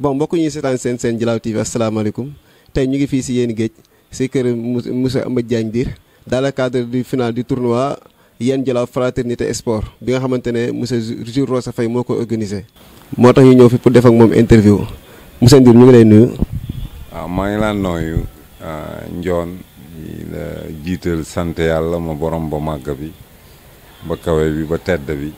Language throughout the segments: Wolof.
bon mbokk ñu seetaan seen seen Dialaw TV asalaamaaleykum tey ñu ngi fii si yéen géej si kër Moussa Amady daal Dir dans le cadre di final du tournoi Yéen Dialaw a Sport bi nga xamante ne monsieur Jules Rosa Faye moo ko organisé. moo tax ñu ñëw fi pour def ak moom interview monsieur Ndir ñu ngi lay nuyu. waaw ah, maa ngi laa nooyu ah, njoon jiital sant yàlla ma borom ba màgg bi ba kawe bi ba tedd bi.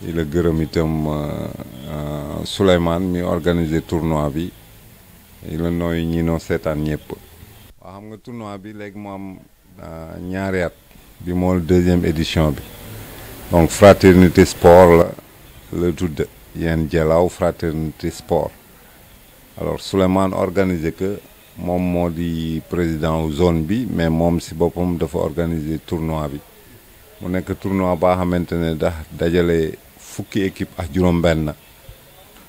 di la gërëm itam euh, euh, Souleymane mi organiser tournoi bi di la nooyu ñi no sétane ñep wa xam nga tournoi bi légui mo am euh, ñaari at bi mool deuxième édition bi donc fraternité sport la la de yeen Dialaw fraternité sport alors Souleymane organiser que mom modi président zone bi mais mom si boppam dafa organiser tournoi bi mu nek tournoi ba xamantene da dajalé fukki équipe ak juróom-benn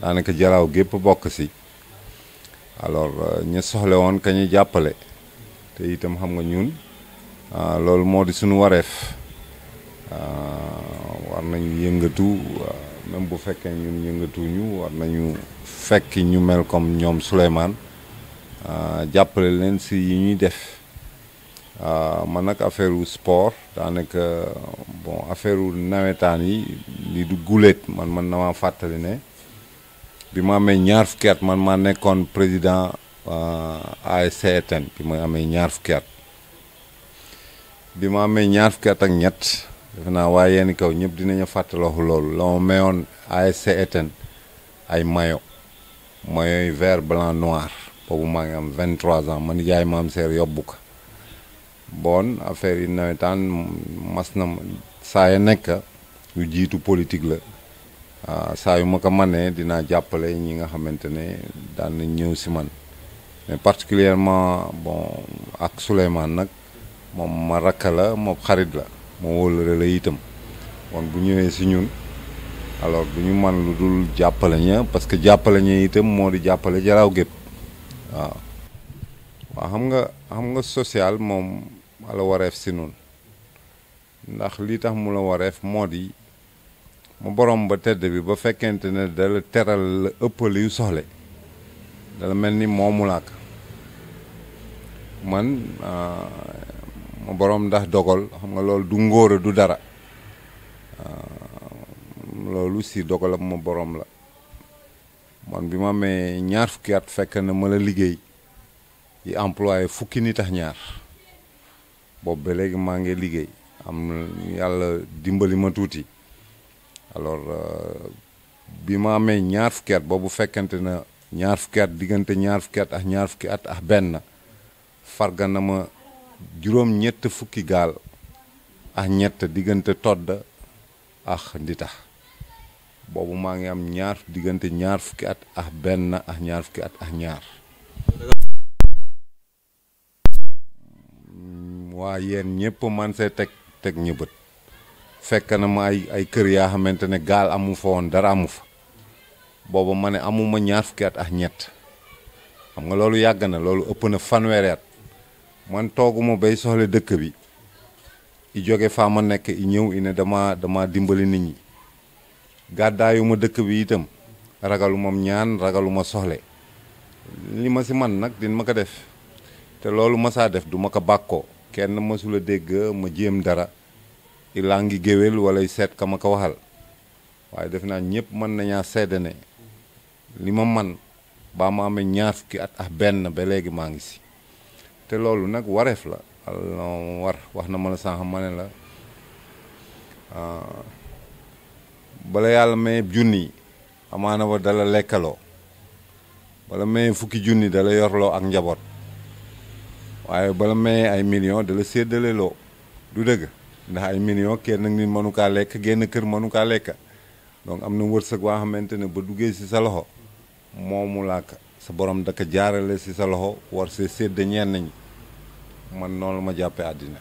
daanaka jaraaw gépp bokk si alors euh, ñu soxle woon ka ñu jàppale te itam xam nga ñun ah, loolu moo di suñu wareef ah, war nañu yëngatu ah, même bu fekkee ñun yëngatuñu war nañu fekki ñu mel comme ñoom Souleymane jàppale leen si yi ñuy def Euh, man nag affaire sport daanaka bon affaire nawetaan yi li du guléet man man na maa fàttali ne bi ma amee ñaar fukki man maa nekkoon président euh, ASC Eten bi ma amee ñaar fukki at bi ma amee ñaar fukki at ak ñett defe kaw dinañu la ay mayo mayo vert blanc noir boobu maa ngi am 23 ans man yaay maam seer yobbu bon affaire yi nawetaan mas na saa ya nekk yu jiitu politique la ah, saa yu ma ko manee dinaa jàppale ñi nga xamante ne daan nañ ñëw si man mais particulièrement bon ak Souleymane nag moom ma rakk la moom xarit la ma wóolare la itam kon bu ñëwee si ñun alors du ñu man lu dul jàppale ña parce que jàppale ña itam moo di jàppale jaraaw gépp waaw ah. waaw xam nga xam nga social moom ala wareef si noonu ndax lii tax mu la wareef moo di mu boroom ba tedd bi ba fekkente ne dala teral la ëppal yu soxle dala mel ni moom laak man ah, mu borom ndax dogal xam nga loolu du ngóora du dara ah, loolu si dogalam ma borom la man bi ma amee ñaar fukki at fekk na ma la liggéey yi employé fukki nit tax ñaar boobu ba léegi maa ngi am yàlla dimbali ma tuuti alors euh, bi ma amee ñaar fukki at boobu na ñaar fukki at diggante ñaar fukki at ak ñaar fukki at ak benn farga na ma juróom ñett fukki gaal ak ñett diggante todd ak ndita boobu maa ngi am ñaar digante ñaar at ak ben ak ñaar fukki at ak ñaar waa yéen ñëpp man see teg teg ñu fekk na ma ay ay kër yaa xamante ne gaal amu fa woon dara amu fa booba ma ne amuma ñaar fukki at ak ñett xam nga loolu yàgg na loolu ëpp na fanweeri at man bay soxla dëkk bi i jóge faa ma nekk i ñëw i ne dama dama dimbali nit ñi gàddaayuma dëkk bi itam ragaluma ñaan ragaluma soxle li ma si man nag din ma ko def te loolu ma saa def du ma ko bàkkoo kenn mësula dégg ma jéem dara i langi géwél wala seet ka ma ko waxal waaye def naa ñëpp mën nañaa seede li ma man baa ma amee ñaar fukki at ak benn ba léegi maa ngi si te loolu nag wareef la war wax na ma la sànq ma ne la ah, bala yàlla may junni amaana ba dala lekkaloo bala may fukki junni dala yorloo ak njaboot waaye bala mayee ay millions da la séddale loo du dëgg ndax ay millions kenn nit mënu kaa lekk génn kër mënu lekk donc am na wërsëg waa xamante ne ba duggee si sa loxo moomu làkk sa borom daka jaarale si sa loxo war see sédd ñenn ñi man noonu ma jàppee àddina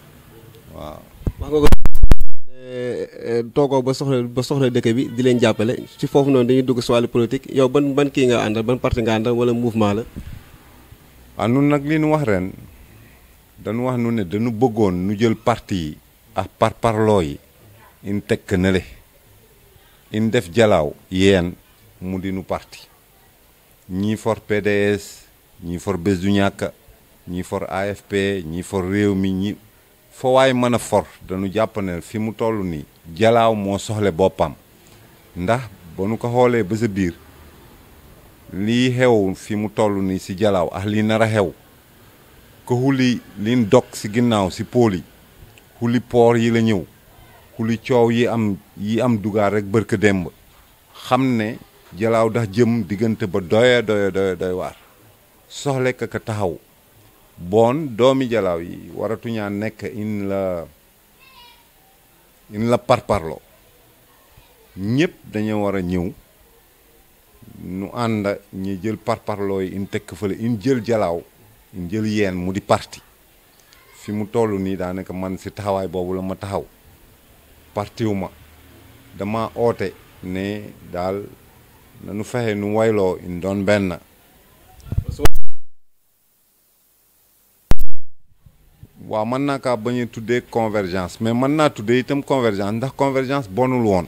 waaw. wax nga ko eh, eh, toogoo ba soxla ba soxla dëkk bi di leen jàppale ci foofu noonu dañu dugg si wàllu politique yow ban ban kii nga àndal ban parti nga àndal wala mouvement la. waaw ah, nun nag li ñu wax ren. dañu wax nu ne dañu bëggoon nu jël parti yi ak par yi in tekk nale in def jalaaw yeen mu di nu parti ñii for PDS ñii for bés du ñii for AFP ñii for réew mi ñi fowaay waay for dañu jàpp ne fi mu toll nii jalaaw moo soxle boppam ndax ba nu ko xoolee ba sa biir lii xew fi mu toll nii si jalaaw ak lii nar a xew ko huli lin dok si ginnaaw si pôle huli por yi la huli coow yi am yi am duga rek bërka demb xam jalaaw dax jëm diggante ba doya doya doya doy waar soxle ka ka taxaw bon doomi jalaaw yi waratuñaa in la in la parparloo ñépp dañu war a ñëw nu ànd ñi jël parparloo yi in tekk in jël jalaaw njël yeen mu di parti fi mu toll nii daanaka man si taxawaay boobu la ma taxaw partiwu ma dama oote ne daal nanu fexe nu wayloo in doon benn waaw mën naa kaa bañ a tuddee convergence mais mën naa tuddee itam convergence ndax convergence bonul woon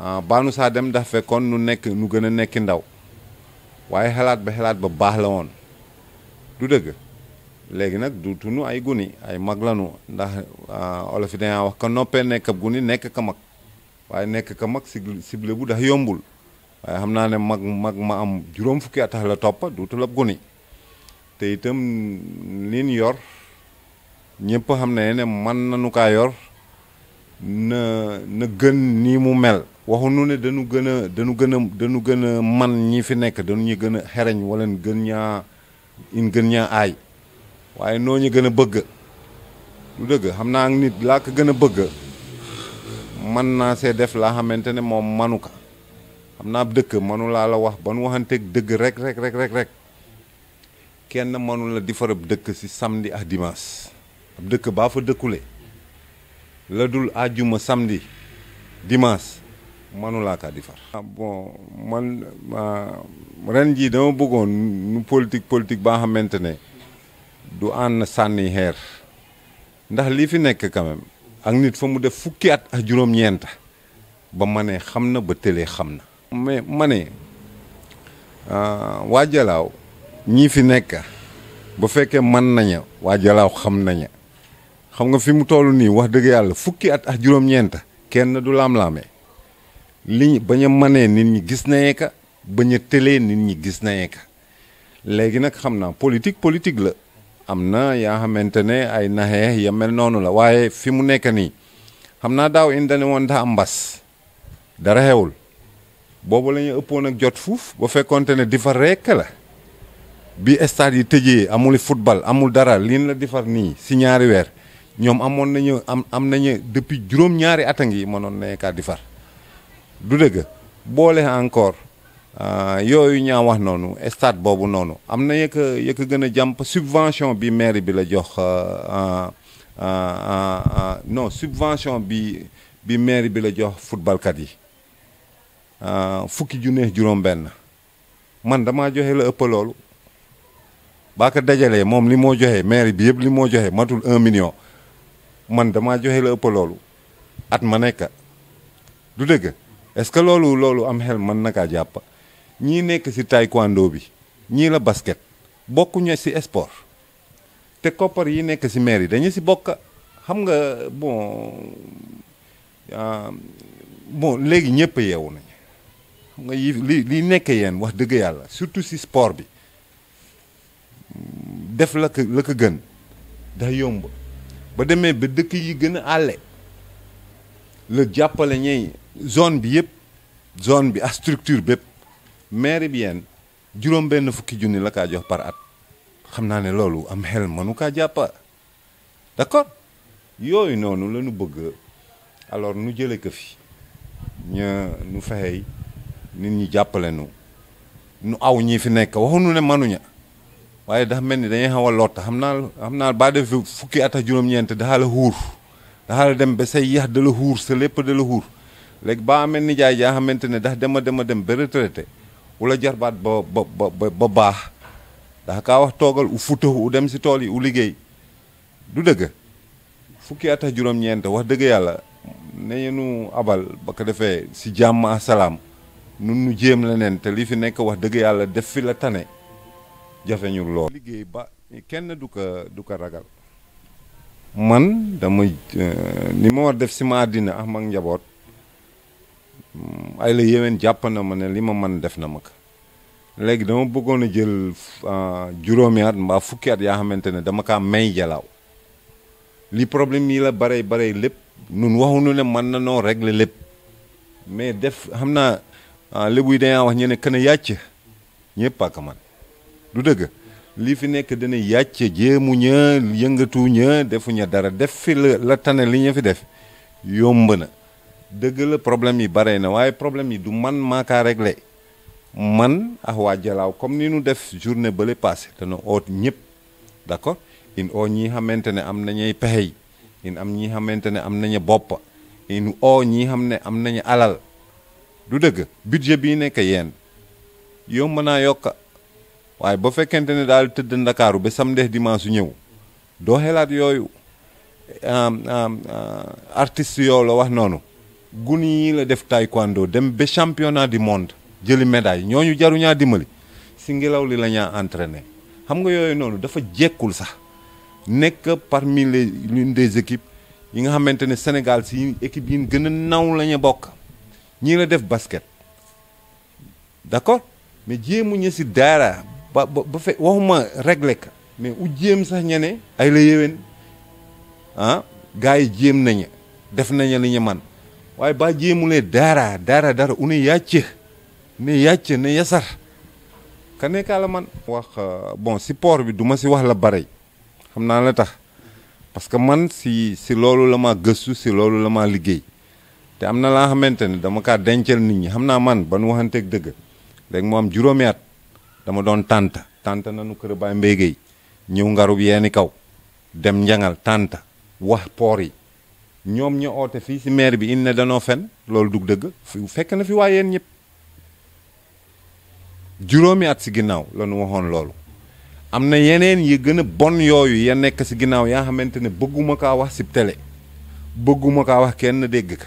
ah, baanu saa dem daf fekkoon nu nekk nu gën a nekki ndaw waaye xalaat ba xalaat ba baax la woon du dëgg léegi nag du tunu ay guni ay mag lanu ndax ah, olof yi dañaa wax ka noppee nekk ab guni nekk ka mag waaye nekk ka mag cible bu ndax yombul waaye xam naa ne mag mag ma am juróom fukki at la toppa duutul ab guni te itam liin yor ñëpp xam ne ne man nañu kaa yor na na gën nii mu mel waxuñu ne dañu gën a dañu gën a dañu gën a man ñi fi nekk dañu ñu gën a xereñ wala gën ñaa in gën ñaa ay waaye noo ñu gën a bëgg lu dëgg xam naa nit laa ko gën a bëgg man naa see def laa xamante ne moom manu ka xam naa dëkk manu laa la wax ban waxanteeg dëgg rek rek rek rek rek kenn manu la di farab dëkk si samdi ak dimaas ab dëkk baa fa dëkkule la dul àjjuma samedi dimaas mënulaa kaa defar bon man ren jii dama bëggoon nu politique politique baa xamante ne du ànd sànni xeer ndax lii fi nekk quand même ak nit fa mu def fukki at ak juróom-ñeent ba ma ne xam na ba tëlee xam na mais ma ne euh, waa Jalaaw ñii fi nekk bu fekkee mën naña waa xam xam nga fi mu toll nii wax dëgg yàlla fukki at ak juróom kenn du laam-laamee li bañ a manee nit ñi gis na ka bañ a tëlee nit ñi gis nañu ka léegi nag xam naa politique politique la am na yaa xamante ne ay naxee ya mel noonu la waaye fi mu nekk nii xam naa daaw indi ne woon daa am mbas dara xewul boobu la ñu ëppoon ak jot fuuf ba fekkoonte ne di fa rekk la bi stade yi tëjee amul football amul dara liin la difar nii si ñaari weer ñoom amoon nañu am am nañu depuis juróom ñaari at a ngi mënoon nañu kaa defar du dëgg boole encore ah, yooyu ñaa wax noonu stade boobu noonu am na yëkk yëkk gën a jàmp subvention bi mairie bi la jox ah, ah, no subvention bi bi mairie bi la jox footballkat yi fukki junne juróom-benn man damaa joxe la ëpp loolu baa ko dajalee moom li moo joxe mairie bi yëpp li moo joxe matul un million man damaa joxe la ëpp loolu at ma nekk du dëgg. est-ce que loolu loolu am xel mën na kaa jàpp ñii nekk ci taekwondo bi ñii la basket bokkuñu si sport te koppar yi nekk si maire yi dañu si bokk xam nga bon ah, bon léegi ñëpp yeewu nañ xam nga yi li li nekk yeen wax dëgg yàlla surtout si sport bi def la ko la ko gën dax yomb ba demee ba dëkk yi gën a àlle la jàppale ñey zone bi yëpp zone bi a structure bépp mairie bi yenn juróom benn fukki junni la kaa jox par at xam naa ne loolu am xel mënu kaa jàppa d'accord yooyu noonu lanu bëgg alors nu jële ko fi ña nu fexey nit ñi jàppale nu nu aw ñii fi nekk waxuñu ne mënuña waaye dax mel ni dañuy xaw a lott xam naa xam naa baa def fukki at ak juróom-ñeent daxaa la xuur daxa dem ba say yax da la sa lépp da la baa léegi ba amee nijaay yaa xamante ne ndax dema dema dem ba retraité wala jarbaat ba ba baax ndax kaa wax toogal u futahu u dem si tool yi u liggéey du dëgg fukki at ak juróom-ñeent wax dëgg yàlla nañu nu abal ba ko defee si jàmm ak salaam nun nu jéem leneen te li fi nekk wax dëgg yàlla def fi la tane jafe ñu lool liggéey ba kenn du ko du ko ragal man dama li euh, ma war def si ma àddina am ak njaboot ay la yéwén jàpp na ma ne li ma man def na ma ko léegi dama bëggoon a jël euh, juróomi at mbaa fukki at yaa xamante ne dama kaa may jalaaw li problème yi la bare bare lépp nun waxuñu ne mën na noo régler lépp mais def xam naa euh, lébu yi dañaa wax ñu ne kën a yàcc ñëpp ak man du dëgg li fi nekk dana yàcc jéemu ña yëngatu ña defuñu dara def fi la la tane li ñu fi def yomb na dëgg la problème yi bare na waaye problème yi du man maakaa réglé man ak waa Jalaaw comme ni nu def journée bële passé dana oot ñëpp d'accord in oo ñi xamante ne am nañuy pexe yi in am ñi xamante ne am nañu bopp in oo ñi xam ne am nañu alal du dëgg budget bii nekk yeen yomb yokka waaye ba fekkente ne daal tëdd ndakaaru ba samedi su ñëw doo xelaat yooyu artiste yoo la wax noonu guni yi la def taekwondo dem ba championnat du monde jëli ñu jaru ñaa dimbali si ngelaw li lañaa ñaa entraîné xam nga yooyu noonu dafa jekkul sax nekk parmi les des équipes yi nga xamante ne Sénégal si équipe yi gën a naw la ñu bokk ñii la def basket d'accord mais jéemuñu si dara ba ba fe waxuma régler ka mais u jéem sax ña ne ay la yéwén ah gars yi jéem nañu def nañu li ñu man waaye ba jéemulee dara dara dara une yàcce ne yàcce ne yasar ka nekkaa la man wax euh, bon support port bi duma si wax la bare xam naa la tax parce que man si si lolo la gesu, si lolo la maa liggéey te am na laa xamante ne dama kaa dencal nit ñi xam man ban waxanteeg dëgg léegi mu am juróomi dama don tanta, tànta nanu kër baay mbéygéey ñëw ngarub kaw dem njangal tànta wax poor yi ñoom ñu oote fii si maire bi in ne fen loolu dug dëgg fekk na fi waa yéen ñëpp at si ginnaaw la nu waxoon loolu yeneen yi gën bon yooyu ya nekk si ginnaaw yaa xamante ne bëgguma kaa wax si télé bëgguma kaa wax kenn dégg ka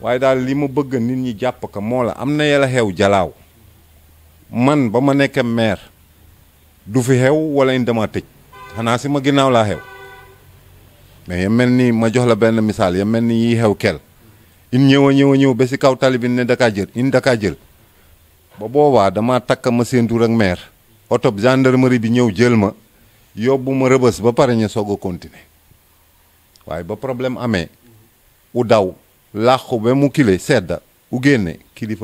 waaye daal li ma bëgg nit ñi jàpp ka moo la am xew jalaaw man ba ma nekkee maire du fi xew wala in dama tëj xanaa si ma ginnaaw laa xew mais ya mel ni ma jox la ya xew kel in ñëw a ñëw a ñëw kaw tali bi ne dakaa jël in dakaa jël ba boobaa dama takk ma séentuur ak maire oto gendarmerie bi ñëw jël ma ma ba pare ñu soog continuer waaye ba problème amee u daw mu u kilifa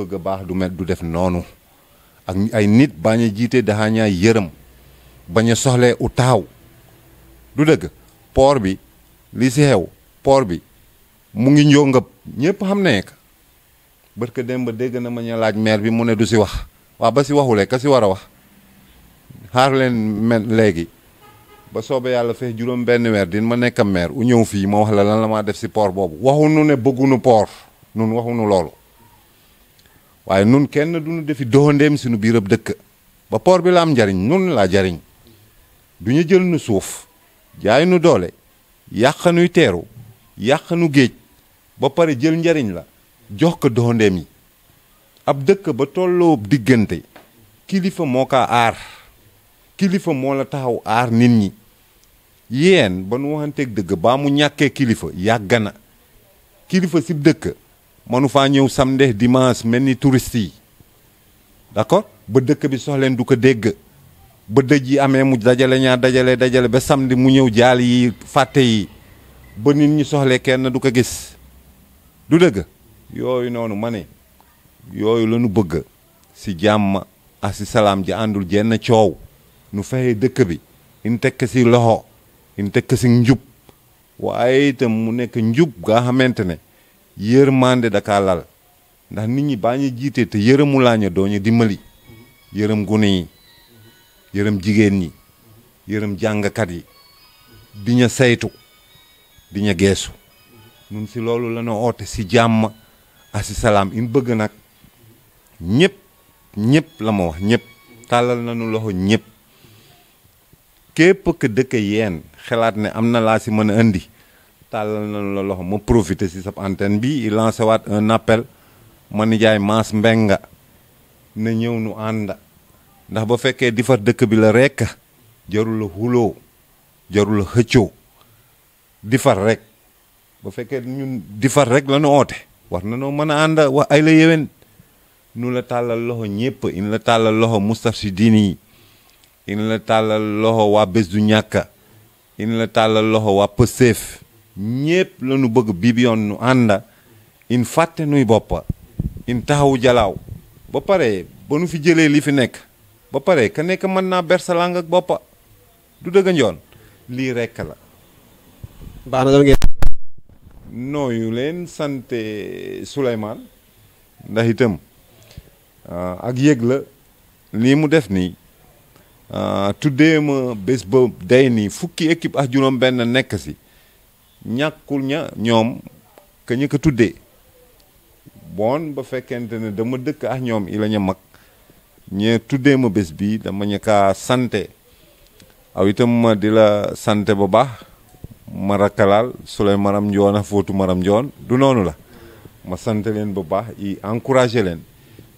ga du met du def noonu ak ay nit bañ a jiite daxaañaa utau bañ a soxlee utaaw du dëgg port bi li si xew port bi mu ngi njoo ngëb ñëpp xam ne ka barka dem ba na ma laaj maire bi mu ne du si wax waa ba si waxulee ka wax men ba din ma nekk maire u ñëw fii ma wax la lan la def ne nun waxunu loolu waaye nun kenn duñu defi doxandéem suñu biirab dëkk ba port bi la am njariñ nun laa jariñ du ñu jël nu suuf jaay nu doole yàq nuy teeru yàq nu géej ba pare jël njariñ la jox ko doxandéem yi ab dëkk ba tolloo diggante kilifa moo kaa aar kilifa moo la taxaw aar nit ñi yeen ba nu waxanteeg dëgg baa mu ñàkkee kilifa yàgg na kilifa si dëkk mënu faa ñëw samedi dimanche mel ni touriste yi d'accord ba dëkk bi soxleen du ko dégg ba dëj yi amee mu dajale ñaar dajale dajale ba samedi mu ñëw jaal yi fàtte yi ba nit ñi soxle kenn du ko gis du dëgg yooyu noonu ma ne yooyu la ñu bëgg si jàmm ak si salaam ji àndul jenn coow nu fexe dëkk bi in tekk si loxo in tekk si njub waaye itam mu nekk njub gaa xamante ne Yermande da kaa lal ndax nit ñi baa ñu jiitee te Yerem laa ñu doo Yerem dimbali yërëm gune yi yërëm jigéen ñi yërëm jàngkat yi saytu nun si loolu la ñu oote si jàmm nyep si salaam in bëgg nag ñëpp ñëpp la ma wax ñëpp nañu loxo képp dëkk yeen ne amna na laa andi tàllal nañu la loxo ma profité si sab antenne bi lancé waat un eh, appel ma nijaay Mass Mbengue na ñëw nu anda ndax ba fekkee di far bi la rekk jarul hulo jarul la xëccoo di far rek ba fekkee ñun di rek la nu oote war na noo mën a ànd ay la yéwén nu la tàllal loxo ñépp in la tàllal loxo in la loxo du in la loxo ñépp la nu bëgg bi yoon nu in fàtte boppa in taxaw jalaaw ba pare ba nu fi jëlee li fi nekk ba pare ka nekk mën naa bersalang ak boppa du dëgg njoon lii rekk la baax na ngeen nooyu leen sante Souleymane ndax itam ah, ak yëg la lii mu def nii ah, tuddee ma bés ba day nii fukki équipe ak benn nekk si Nyakulnya ña ñoom que ñu ko tuddee bon ba fekkente ne dama dëkk ak ñoom i la ña mag ñe tuddee ma bés bi dama ña kaa sante aw itam ma di la sante bu baax ma rakkalaal su maram njoon maram du la ma sante leen bu baax i encouragé leen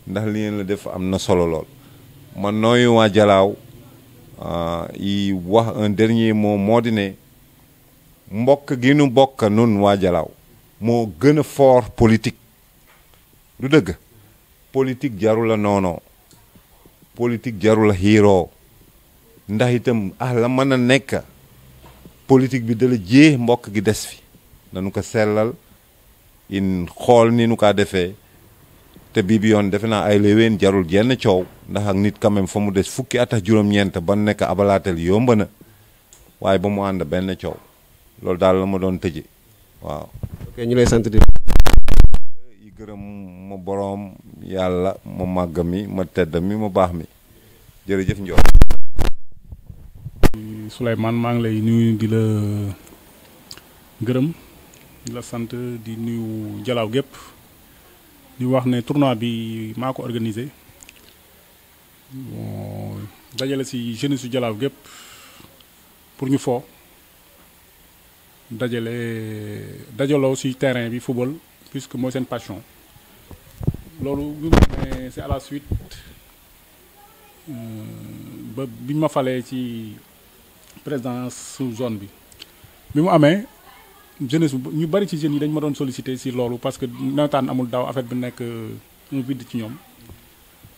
ndax li ngeen la def am na solo ma nooyu waa jalaaw ah, i wax un dernier mot moo ne mbokk gi nu bokk nun waa Jalaaw moo gën a foor politik du dëgg politik jaru la noonoo politik jaru la xiiroo ndax itam ah la mën a nekk politik bi dala jée mbokk gi des fi nanu ko sellal in xool ni nu kaa defee te bii bi yoon defe naa ay léwéen jarul jenn coow ndax ak nit quand fa mu des fukki at ak juróom-ñeent ba nekk abalaatel yomb na waaye ba mu ànd benn coow loolu daal la ma doon tëje waaw. ok ñu lay sant di. yi ma boroom yàlla ma màgg mi ma tedd mi ma baax mi jërëjëf Ndiol. Souleymane maa ngi lay nuyu di la gërëm di la sant di nuyu jalaaw gépp di wax ne tournoi bi maa ko organisé dajale si jeunesse su jalaaw gépp pour ñu foo. dajale dajaloo ci terrain bi football puisque mooy sen passion loolu c'est à la suite euh, ba bi ma falé ci présence sous zone bi bi mu amé jeunesse ñu bari ci jeune yi dañ ma doon solliciter ci loolu parce que nawetaan amul daw affaire bi nek euh, un vide ci ñom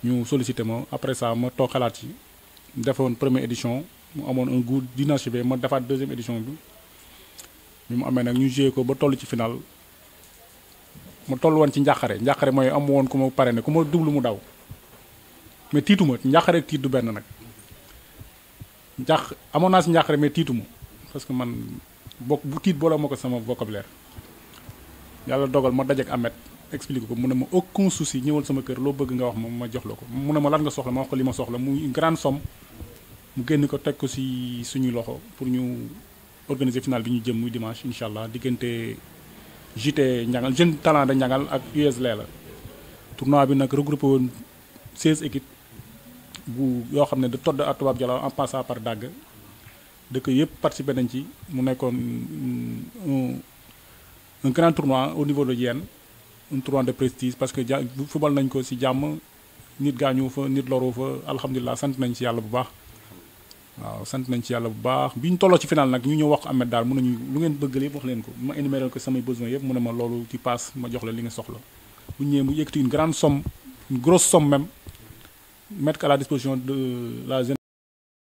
ñu solliciter après ça ma toog xalat ci defoon première édition mu amone un goût d'inachevé ma defaat deuxième édition bi. bi mu amee ñu joué ko ba ci final ma toll woon ci kare njàqare mooy am woon ku ma pare dublu mu daw mais tiituma njàqare ak tiit du benn nag njàq amoon naa mais tiituma parce que man bok bu tiit booloo ma ko sama vocabulaire yàlla dogal ma dajek amet expliqué ko mu ne ma aucun souci ñëwal sama kër loo bëgg nga wax ma ma jox la ko mu ne lan nga soxla ma wax ko soxla grande somme mu génn ko teg ko si suñu loxo pour ñu organiser final bi ñu jëm muy dimanche incha allah diggante JT Ndiangal jeune talent de Ñangal ak US la tournoi bi nak regroupé won 16 équipes bu yo xamné ne de Todde à Toubab Dialaw en passant par Dagg dëkk yépp participer nañ ci mu nekkoon un grand tournoi au niveau de Yène un tournoi de prestige parce que football nañ ko ci jamm nit gañu fa nit loru fa alhamdulilah sant nañ ci yalla bu baax waaw sant nañ ci yàlla bu baax bi ñu tolloo ci final nag ñu ñëw wax ko Ahmed daal mën nañu lu ngeen bëgg lépp wax leen ko ma énuméré ko samay besoin yëpp mu ne ma loolu ci passe ma jox la li nga soxla bu ñëwee mu yëkkati une grande somme une grosse somme même mettre à la disposition de la jeunesse